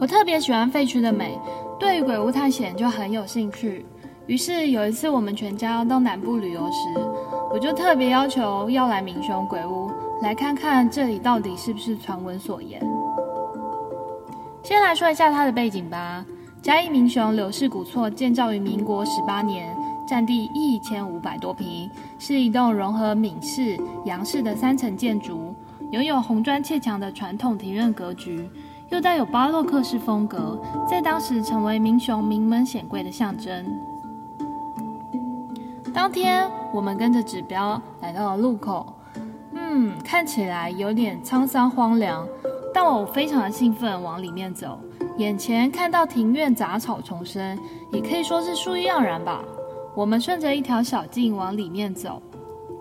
我特別喜歡廢墟的美，對於鬼屋探險就很有興趣。於是有一次我們全家到南部旅遊時，我就特別要求要來民雄鬼屋來看看這裡到底是不是傳聞所言。先來說一下它的背景吧。嘉義民雄劉氏古厝建造於民國十八年，占地一千五百多坪，是一棟融合閩式、洋式的三層建築，擁有紅磚砌牆的傳統庭院格局。又帶有巴洛克式風格，在當時成為民雄名門顯貴的象徵。當天，我們跟着指標來到了路口，嗯，看起來有點滄桑荒涼，但我非常的興奮，往裡面走。眼前看到庭院雜草叢生，也可以說是樹一盎然吧。我們順着一條小徑往裡面走，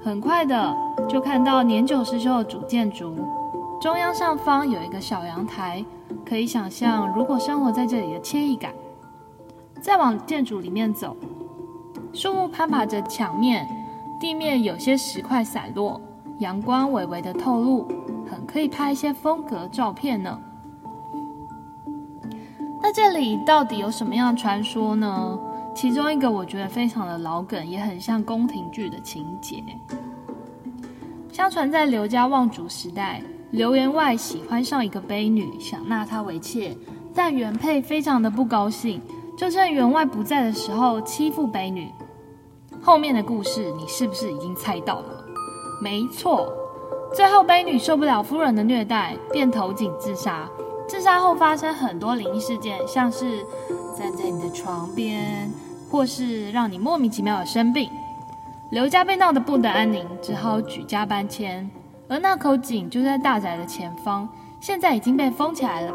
很快的就看到年久失修的主建築。中央上方有一個小陽台，可以想象如果生活在這裡的愜意感。再往建築裡面走，樹木攀爬着牆面，地面有些石塊散落，陽光微微的透露，很可以拍一些風格照片呢。那這裡到底有什麼樣的傳說呢？其中一個我覺得非常的老梗，也很像宮廷劇的情節。相傳在劉家望族時代。劉員外喜歡上一個婢女，想納她為妾，但原配非常的不高興，就趁員外不在的時候欺負婢女。後面的故事你是不是已經猜到了？沒錯，最後婢女受不了夫人的虐待，便投井自殺。自殺後發生很多靈異事件，像是站在你的床邊，或是讓你莫名其妙的生病。劉家被鬧得不得安寧，只好舉家搬遷。而那口井就在大宅的前方，現在已經被封起來了。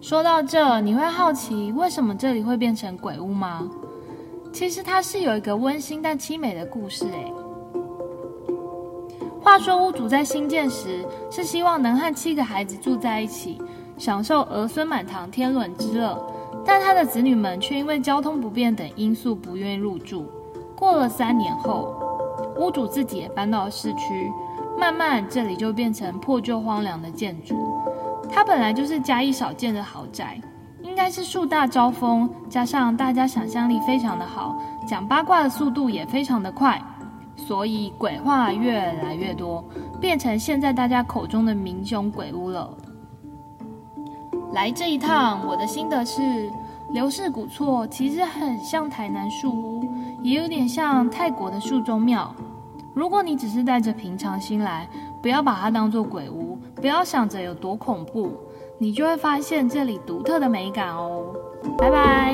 說到這，你會好奇為什麼這裡會變成鬼屋嗎？其實它是有一個溫馨但淒美的故事哎、欸。話說屋主在新建時，是希望能和七個孩子住在一起，享受兒孫滿堂天倫之樂，但他的子女們卻因為交通不便等因素不願入住。過了三年後。屋主自己也搬到了市區，慢慢這裡就變成破舊荒涼的建築。它本來就是嘉義少見的豪宅，應該是樹大招風，加上大家想象力非常的好，講八卦的速度也非常的快，所以鬼話越來越多，變成現在大家口中的民雄鬼屋了。來這一趟，我的心得是。劉氏古厝其實很像台南樹屋，也有點像泰國的樹中廟。如果你只是帶着平常心來，不要把它當做鬼屋，不要想着有多恐怖，你就會發現這裡獨特的美感哦。拜拜。